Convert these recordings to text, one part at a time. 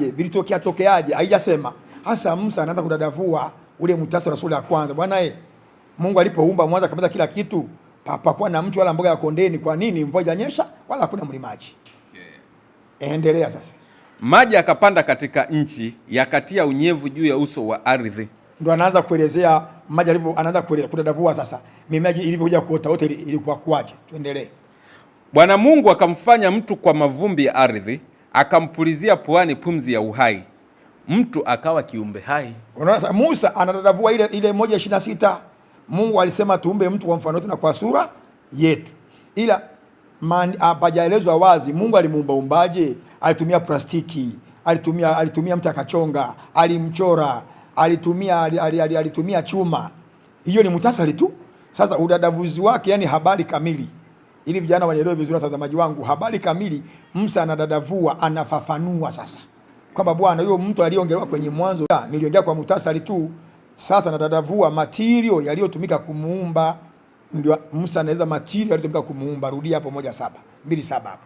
vilitokeaje, vilitokea tokeaje, haijasema. Hasa Musa anaanza kudadavua ule mtasari sura ya kwanza. Bwana eh, Mungu alipoumba mwanzo akamaliza kila kitu, papakuwa na mtu wala mboga ya kondeni. Kwa nini? Mvua haijanyesha wala hakuna mlimaji. Okay. Endelea sasa. Maji akapanda katika nchi, yakatia unyevu juu ya uso wa ardhi. Ndo anaanza kuelezea maji alivyo, anaanza kuelezea kudadavua sasa mimea ilivyokuja kuota wote, ilikuwa kuaje? Tuendelee. Bwana Mungu akamfanya mtu kwa mavumbi ya ardhi akampulizia puani pumzi ya uhai, mtu akawa kiumbe hai. Unaona, Musa anadadavua ile ile moja ishirini na sita Mungu alisema tuumbe mtu kwa mfano wetu na kwa sura yetu, ila ah, hapajaelezwa wazi Mungu alimuumba umbaje. Alitumia plastiki, alitumia alitumia mtu akachonga, alimchora, alitumia alitumia chuma. Hiyo ni mtasari tu. Sasa udadavuzi wake, yani habari kamili ili vijana wanielewe vizuri, watazamaji wangu, habari kamili. Musa anadadavua, anafafanua sasa kwamba bwana, huyo mtu aliyeongelewa kwenye mwanzo ah, niliongea kwa muhtasari tu. Sasa nadadavua matirio yaliyotumika kumuumba, ndio Musa anaeleza matirio yaliyotumika kumuumba. Rudia hapo moja saba mbili saba hapo.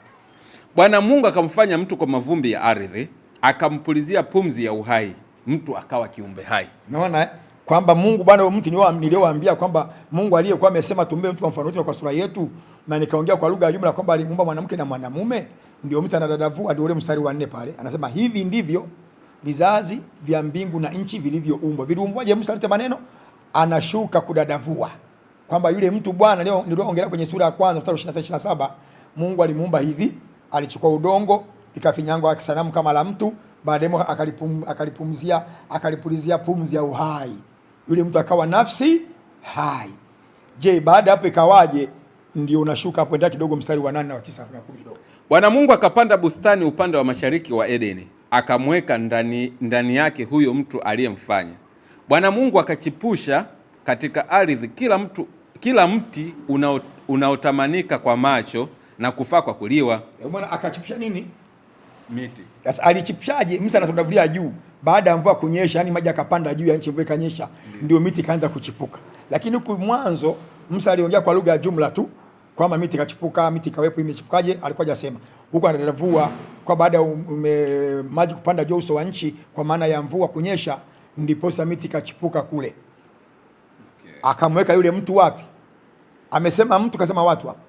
Bwana Mungu akamfanya mtu kwa mavumbi ya ardhi, akampulizia pumzi ya uhai, mtu akawa kiumbe hai. Naona eh? kwamba Mungu bwana mti niliowaambia kwamba Mungu aliyekuwa amesema tumbe mtu kwa mfano wetu kwa sura yetu, na nikaongea kwa lugha ya jumla kwamba alimuumba mwanamke na mwanamume, ndio mtu anadadavu hadi ule mstari wa nne pale, anasema hivi ndivyo vizazi vya mbingu na nchi vilivyoumbwa. Viliumbwaje? Musa alete maneno, anashuka kudadavua, kwamba yule mtu bwana leo niliongelea kwenye sura ya kwanza mstari wa 26 27, Mungu alimuumba hivi, alichukua udongo likafinyangwa akisanamu kama la mtu, baadaye akalipumzia akalipulizia pumzi ya uhai yule mtu akawa nafsi hai. Je, baada hapo ikawaje? Ndio unashuka hapo, endea kidogo, mstari wa nane na wa tisa na kumi kidogo. Bwana Mungu akapanda bustani upande wa mashariki wa Edeni, akamweka ndani, ndani yake huyo mtu aliyemfanya. Bwana Mungu akachipusha katika ardhi kila mtu kila mti unaotamanika kwa macho na kufaa kwa kuliwa. Yaani maana akachipusha nini? Miti. Sasa alichipushaje? Musa anasoma Biblia juu baada ya mvua kunyesha, yani maji akapanda juu ya nchi, mvua ikanyesha, ndio miti kaanza kuchipuka. Lakini huku mwanzo Musa aliongea kwa lugha ya jumla tu kwamba miti kachipuka, miti kawepo, imechipukaje? Alikuwa hajasema. Huko anadavua kwa baada ya um, maji kupanda juu uso wa nchi, kwa maana ya mvua kunyesha, ndipo sasa miti kachipuka kule. Akamweka yule mtu wapi? Amesema mtu, kasema watu hapa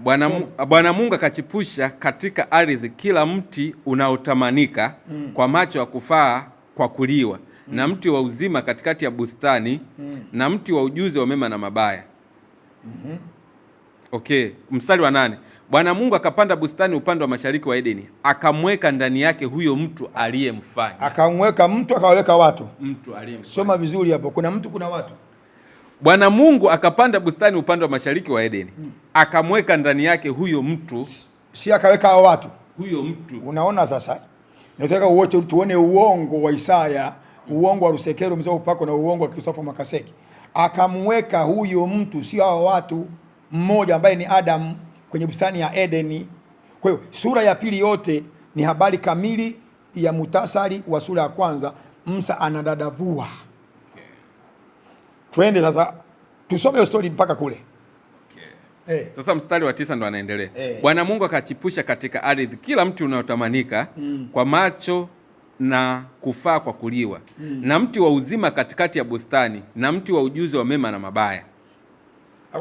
Bwana so, Mungu akachipusha katika ardhi kila mti unaotamanika mm. kwa macho ya kufaa kwa kuliwa mm. na mti wa uzima katikati ya bustani mm. na mti wa ujuzi wa mema na mabaya mm -hmm. Okay, mstari wa nane. Bwana Mungu akapanda bustani upande wa mashariki wa Edeni, akamweka ndani yake huyo mtu aliyemfanya. Akamweka mtu akawaweka watu, mtu aliyemfanya. Soma vizuri hapo, kuna mtu, kuna watu Bwana Mungu akapanda bustani upande wa mashariki wa Edeni, hmm. akamweka ndani yake huyo mtu, si akaweka hao watu, huyo mtu. Unaona sasa, nataka uwote tuone uongo wa Isaya, uongo wa Rusekero mzee upako na uongo wa Kristofa Makaseki. Akamweka huyo mtu, sio hao watu, mmoja ambaye ni Adamu kwenye bustani ya Edeni. Kwa hiyo sura ya pili yote ni habari kamili ya mutasari wa sura ya kwanza. Musa anadadavua Twende sasa tusome hiyo stori mpaka kule. Hey. Eh. Sasa mstari wa tisa ndo anaendelea. Hey. Eh. Bwana Mungu akachipusha katika ardhi kila mti unaotamanika mm. kwa macho na kufaa kwa kuliwa mm. na mti wa uzima katikati ya bustani na mti wa ujuzi wa mema na mabaya.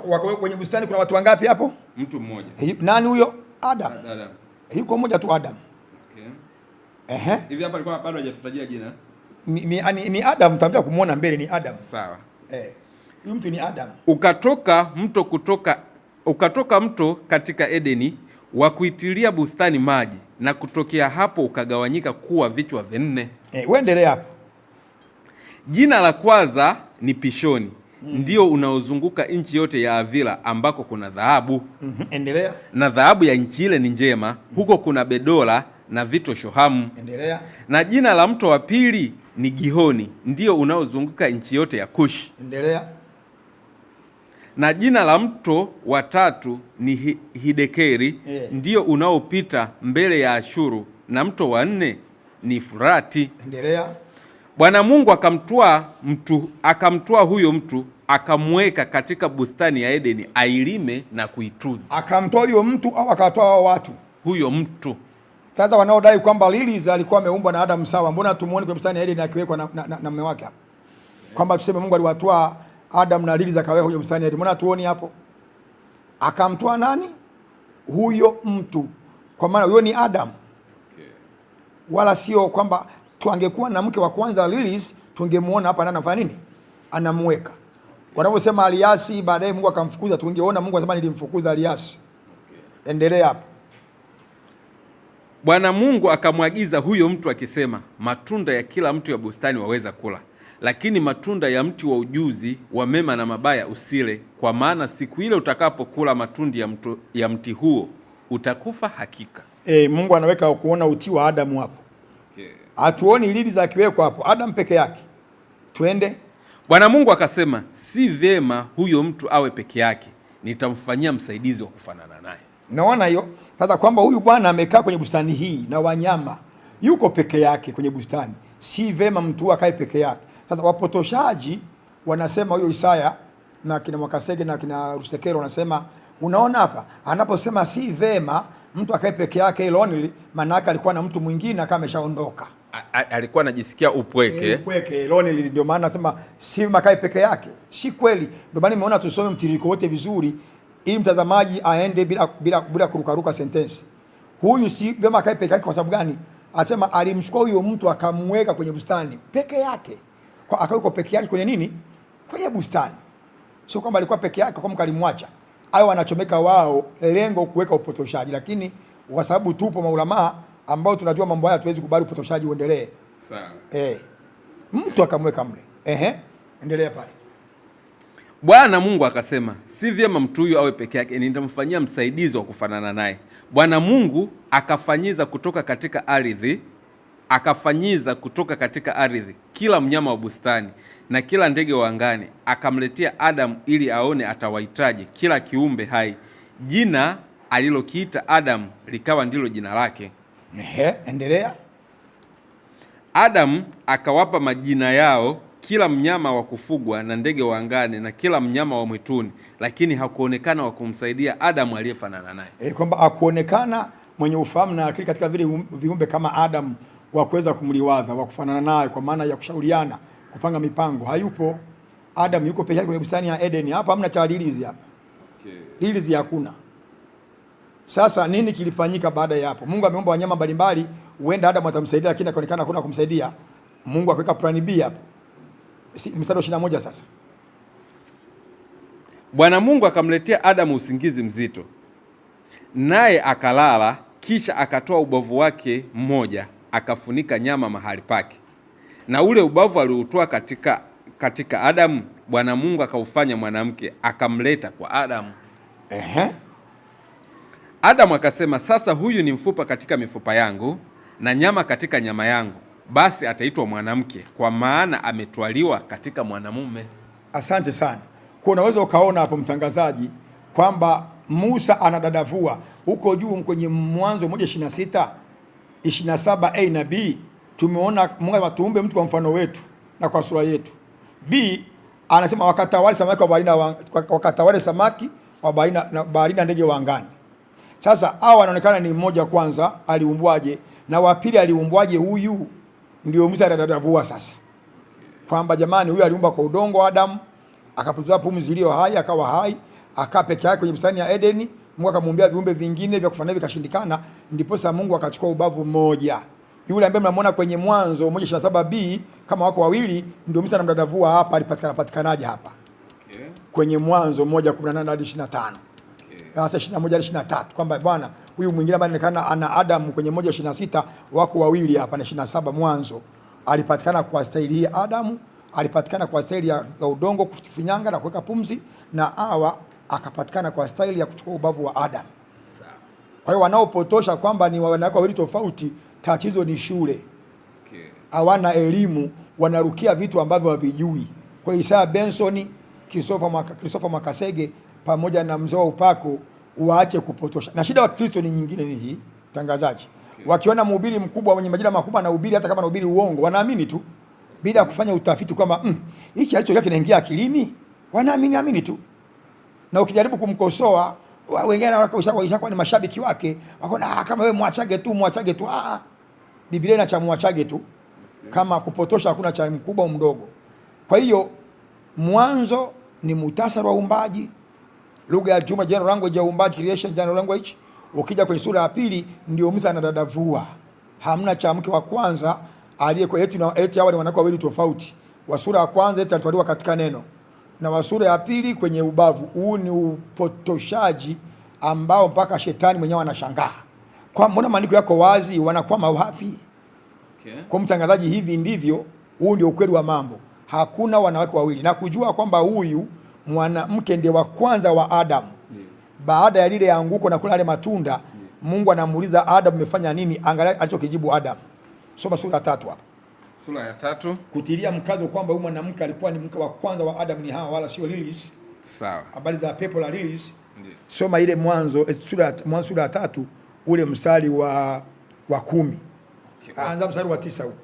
Wako kwenye bustani kuna watu wangapi hapo? Mtu mmoja. Nani huyo? Adam. Adam. Yuko mmoja tu Adam. Okay. Ehe. Hivi hapa alikuwa bado hajatutajia jina. Ni, ni, ni Adam, tutakuja kumuona mbele ni Adam. Sawa eh, huyu mtu ni Adam. Ukatoka mto kutoka ukatoka mto katika Edeni wa kuitilia bustani maji, na kutokea hapo ukagawanyika kuwa vichwa vinne. Eh, uendelee hapo. Jina la kwanza ni Pishoni mm. ndio unaozunguka nchi yote ya avila ambako kuna dhahabu mm -hmm. Endelea. na dhahabu ya nchi ile ni njema, huko kuna bedola na Vito Shohamu. Endelea. Na jina la mto wa pili ni Gihoni, ndio unaozunguka nchi yote ya Kushi. Endelea. Na jina la mto wa tatu ni Hidekeri, yeah, ndio unaopita mbele ya Ashuru, na mto wa nne ni Furati. Endelea. Bwana Mungu akamtua mtu akamtua huyo mtu akamweka katika bustani ya Edeni ailime na kuitunza. Akamtoa huyo mtu au akatoa watu? Huyo mtu sasa wanaodai kwamba Lilith alikuwa ameumbwa na Adamu sawa, mbona tumuone kwenye bustani ya Edeni akiwekwa na, na, na, na mume wake hapo? Kwamba tuseme Mungu aliwatoa Adam na Lilith akaweka kwenye bustani ya Edeni. Mbona tuone hapo? Akamtoa nani? Huyo mtu. Kwa maana huyo ni Adam. Wala sio kwamba tuangekuwa na mke wa kwanza Lilith tungemuona hapa nani anafanya nini? Anamweka. Wanaposema aliasi baadaye Mungu akamfukuza, tungeona Mungu anasema nilimfukuza aliasi. Endelea hapo. Bwana Mungu akamwagiza huyo mtu akisema, matunda ya kila mtu ya bustani waweza kula, lakini matunda ya mti wa ujuzi wa mema na mabaya usile, kwa maana siku ile utakapokula matundi ya, mtu, ya mti huo utakufa hakika. E, Mungu anaweka kuona utii wa Adamu hapo, hatuoni okay. Lili za kiweko hapo Adamu peke yake. Twende. Bwana Mungu akasema, si vyema huyo mtu awe peke yake, nitamfanyia msaidizi wa kufanana naye naona hiyo sasa, kwamba huyu bwana amekaa kwenye bustani hii na wanyama, yuko peke yake kwenye bustani. Si vema mtu akae peke yake. Sasa wapotoshaji wanasema huyo Isaya na kina Mwakasege na kina Rusekero wanasema, unaona hapa anaposema si vema mtu akae peke yake lonely, maana yake alikuwa na mtu mwingine akawa ameshaondoka, alikuwa anajisikia upweke, e, upweke lonely. Ndio maana nasema si makae peke yake, si kweli. Ndio maana nimeona tusome mtiririko wote vizuri ili mtazamaji aende bila, bila, bila kurukaruka sentensi. Huyu si vyema akae peke yake. Kwa sababu gani? Asema alimchukua huyo mtu akamweka kwenye bustani peke yake, kwa akaweko peke yake kwenye nini? Kwenye bustani. Sio kwamba alikuwa peke yake kwa mkalimwacha au wanachomeka wao, lengo kuweka upotoshaji. Lakini kwa sababu tupo maulamaa ambao tunajua mambo haya, hatuwezi kubali upotoshaji uendelee. Sawa eh, mtu akamweka mle. Ehe, endelea pale. Bwana Mungu akasema si vyema mtu huyu awe peke yake, nitamfanyia msaidizi wa kufanana naye. Bwana Mungu akafanyiza kutoka katika ardhi, akafanyiza kutoka katika ardhi kila mnyama wa bustani na kila ndege wa angani, akamletea Adamu ili aone atawahitaji kila kiumbe hai. Jina alilokiita Adamu likawa ndilo jina lake. Ehe, endelea. Adamu akawapa majina yao kila mnyama wa kufugwa na ndege wa angani na kila mnyama wa mwituni, lakini hakuonekana wa kumsaidia Adamu aliyefanana naye. E, kwamba hakuonekana mwenye ufahamu na akili katika vile viumbe kama Adamu wa kuweza kumliwaza wa kufanana naye, kwa maana ya kushauriana, kupanga mipango, hayupo. Adamu yuko peke yake kwenye bustani ya Edeni. Hapa hamna cha lilizi hapa, okay. Lilizi hakuna. Sasa nini kilifanyika baada ya hapo? Mungu ameumba wanyama mbalimbali, huenda Adamu atamsaidia, lakini akaonekana hakuna kumsaidia. Mungu akaweka plan B hapo mstari ishirini na moja sasa Bwana Mungu akamletea Adamu usingizi mzito, naye akalala. Kisha akatoa ubavu wake mmoja, akafunika nyama mahali pake, na ule ubavu aliutoa katika, katika Adamu, Bwana Mungu akaufanya mwanamke, akamleta kwa Adamu. Ehe. Adamu akasema, sasa huyu ni mfupa katika mifupa yangu na nyama katika nyama yangu basi ataitwa mwanamke kwa maana ametwaliwa katika mwanamume. Asante sana. Kwa unaweza ukaona hapo mtangazaji kwamba Musa anadadavua huko juu kwenye Mwanzo 1:26, 27a na b, tumeona Mungu tuumbe mtu kwa mfano wetu na kwa sura yetu. B anasema wakatawale samaki wa baharini, wakatawale samaki wa baharini na ndege wa angani. Sasa hao wanaonekana ni mmoja, kwanza aliumbwaje, na wa pili aliumbwaje huyu ndio Musa atavua sasa, kwamba jamani, huyu aliumba kwa udongo Adamu, akapuzwa pumzi iliyo hai, akawa hai, akaa peke yake kwenye bustani ya Edeni. Mungu akamwambia viumbe vingine vya kufanana vikashindikana, ndipo sasa Mungu akachukua ubavu mmoja, yule ambaye mnamwona kwenye Mwanzo 1:27b kama wako wawili, ndio Musa anamdadavua hapa. Alipatikana patikanaje hapa? Okay. kwenye Mwanzo 1:18 hadi 25 hasa 21 23 kwamba bwana huyu mwingine ambaye anaonekana ana Adam kwenye moja 26 wako wawili hapa na 27 Mwanzo alipatikana kwa staili hii Adam alipatikana kwa staili ya udongo kufinyanga na kuweka pumzi, na awa akapatikana kwa staili ya kuchukua ubavu wa Adam. Kwa hiyo wanaopotosha kwamba ni wanawake wawili tofauti, tatizo ni shule, hawana okay, elimu, wanarukia vitu ambavyo havijui. Kwa hiyo Isaya Benson, Christopher Makasege pamoja na mzee wa upako waache kupotosha. Na shida wa Kristo ni nyingine ni hii, mtangazaji, wakiona mhubiri mkubwa mwenye majina makubwa anahubiri, hata kama anahubiri uongo, wanaamini tu bila kufanya utafiti kwamba mm, hiki mm, kinaingia akilini, wanaamini amini tu, na ukijaribu kumkosoa wengine wanakuwa ni mashabiki wake, wakaona ah, kama wewe mwachage tu mwachage tu. Ah, ah, Biblia ina cha mwachage tu, kama kupotosha hakuna cha mkubwa au mdogo. Kwa hiyo mwanzo ni muhtasari wa uumbaji lugha ya chuma, general language ya uumbaji, creation general language. Ukija kwenye sura ya pili ndio msa anadadavua, hamna cha mke wa kwanza aliyekuwa eti na eti. Hawa ni wanawake wawili tofauti, wa sura ya kwanza eti alitwaliwa katika neno na wa sura ya pili kwenye ubavu. Huu ni upotoshaji ambao mpaka shetani mwenyewe anashangaa, kwa mbona maandiko yako wazi, wanakuwa wapi? Okay. Kwa mtangazaji, hivi ndivyo, huu ndio ukweli wa mambo, hakuna wanawake wawili na kujua kwamba huyu mwanamke ndiye wa kwanza wa Adamu. Baada ya lile anguko na kula yale matunda, Mungu anamuuliza Adamu, umefanya nini? Angalia alichokijibu Adamu, soma sura ya tatu hapa sura ya tatu kutilia mkazo kwamba huyu mwanamke alikuwa ni mke wa kwanza wa Adamu ni Hawa wala sio Lilith. Sawa, habari za pepo la Lilith. Soma ile Mwanzo eh, sura Mwanzo sura ya tatu ule mstari wa wa kumi. Okay. Anza mstari wa tisa huko.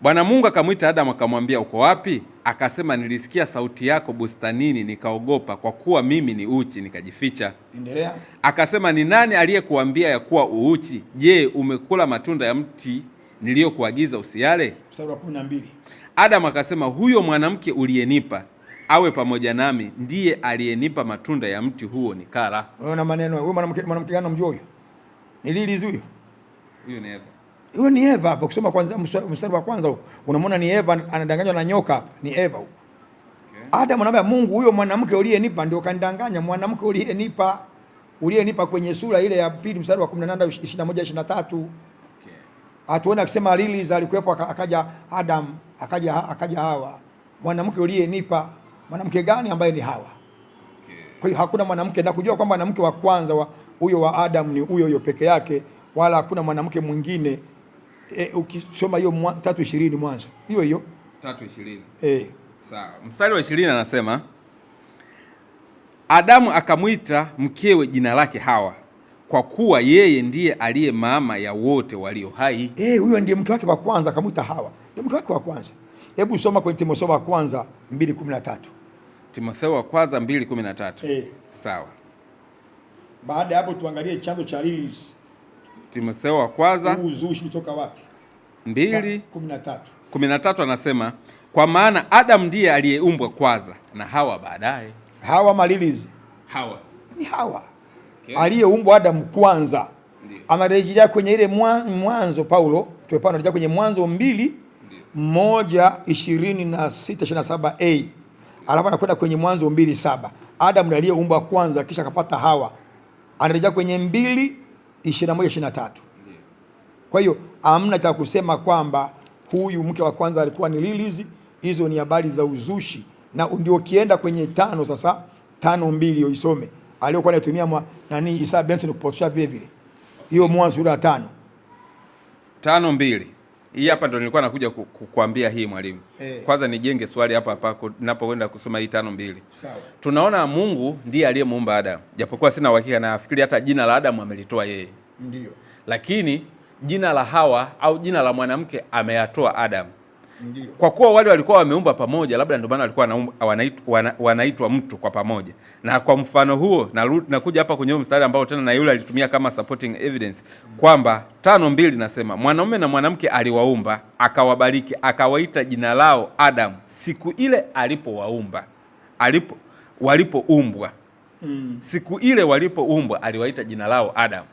Bwana Mungu akamwita Adamu akamwambia, uko wapi? akasema nilisikia sauti yako bustanini, nikaogopa kwa kuwa mimi ni uchi, nikajificha. Endelea. Akasema, ni nani aliyekuambia ya kuwa uuchi? Je, umekula matunda ya mti niliyokuagiza usiale Mstari wa 12. Adamu akasema, huyo mwanamke uliyenipa awe pamoja nami ndiye aliyenipa matunda ya mti huo nikala. Unaona maneno, huyo mwanamke, mwanamke gani? Namjua huyo, ni Lilizi huyo, huyo ni Eva. Huyo ni Eva hapo, ukisoma kwanza mstari wa kwanza unamwona ni Eva anadanganywa na nyoka hapo, ni Eva huko. Okay. Adamu anamwambia Mungu, huyo mwanamke uliyenipa ndio kanidanganya, mwanamke uliyenipa uliyenipa kwenye sura ile ya pili mstari wa 18 21 23. Okay. Atuona akisema Lilith alikuwepo, akaja Adam, akaja akaja Hawa. Mwanamke uliyenipa, mwanamke gani ambaye ni Hawa? Okay. Kwa hiyo hakuna mwanamke na kujua kwamba mwanamke wa kwanza wa huyo wa Adam ni huyo huyo peke yake, wala hakuna mwanamke mwingine e, ukisoma hiyo mwa, tatu ishirini Mwanzo hiyo hiyo tatu ishirini e. Sawa, mstari wa ishirini anasema Adamu akamwita mkewe jina lake Hawa kwa kuwa yeye ndiye aliye mama ya wote walio hai. Eh, huyo ndiye mke wake wa kwanza akamwita Hawa. Ndiye mke wake wa kwanza. Hebu soma kwa Timotheo wa kwanza 2:13. Timotheo wa kwanza 2:13. Eh. Sawa. Baada ya hapo tuangalie chanzo cha Lilith Timotheo wa kwanza uzushi kutoka wapi? mbili kumi na tatu kumi na tatu anasema kwa maana Adam ndiye aliyeumbwa kwanza na Hawa baadaye. Hawa malilizi, Hawa ni Hawa okay. aliyeumbwa Adam kwanza, anarejelea kwenye ile mwanzo. Paulo tumepanarejea kwenye Mwanzo mbili moja ishirini na sita ishirini na saba a alafu anakwenda kwenye Mwanzo mbili saba ndiye aliyeumbwa kwanza, kisha akapata Hawa. Anarejea kwenye mbili 21:23. Kwa hiyo amna cha kusema kwamba huyu mke wa kwanza alikuwa ni Lilizi. Hizo ni habari za uzushi, na ndio ukienda kwenye tano sasa, tano mbili uisome aliyokuwa anatumia nani Isa Benson kupotosha vile vile, hiyo Mwanzo sura ya tano tano mbili hii hapa ndo nilikuwa nakuja kukuambia hii mwalimu. Hey. Eh. Kwanza nijenge swali hapa hapa ninapoenda kusoma hii tano mbili. Sawa. Tunaona Mungu ndiye aliyemuumba Adamu. Japokuwa sina uhakika na nafikiri hata jina la Adamu amelitoa yeye. Ndio. Lakini jina la Hawa au jina la mwanamke ameyatoa Adamu. Ndiyo. Kwa kuwa wale walikuwa wameumba pamoja, labda ndio maana walikuwa wanaitwa mtu kwa pamoja. Na kwa mfano huo nakuja na hapa kwenye mstari ambao tena na yule alitumia kama supporting evidence kwamba tano mbili nasema mwanaume na mwanamke aliwaumba, akawabariki, akawaita jina lao Adam siku ile alipowaumba, alipo walipoumbwa mm. siku ile walipoumbwa aliwaita jina lao Adam,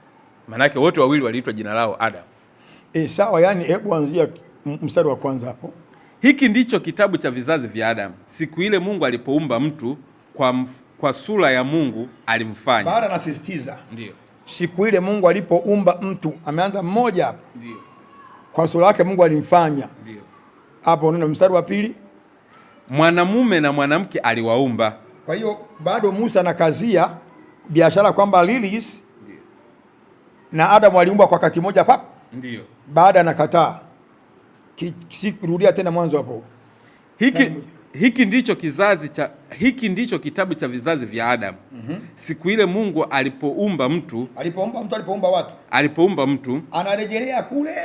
maanake wote wawili waliitwa jina lao Adam. E, sawa. Yani hebu anzia mstari wa kwanza hapo. Hiki ndicho kitabu cha vizazi vya Adamu, siku ile Mungu alipoumba mtu kwa, mf, kwa sura ya Mungu alimfanya. Bado anasisitiza ndio siku ile Mungu alipoumba mtu, ameanza mmoja hapo, ndio kwa sura yake Mungu alimfanya. Ndio hapo neno mstari wa pili, mwanamume na mwanamke aliwaumba. Kwa hiyo bado Musa anakazia biashara kwamba Lilith na Adamu waliumbwa kwa wakati moja pap, ndio baada anakataa Rudia tena mwanzo hapo. Hiki, hiki ndicho kizazi cha hiki ndicho kitabu cha vizazi vya Adamu. mm -hmm. Siku ile Mungu alipoumba mtu alipoumba mtu alipoumba watu alipoumba mtu anarejelea kule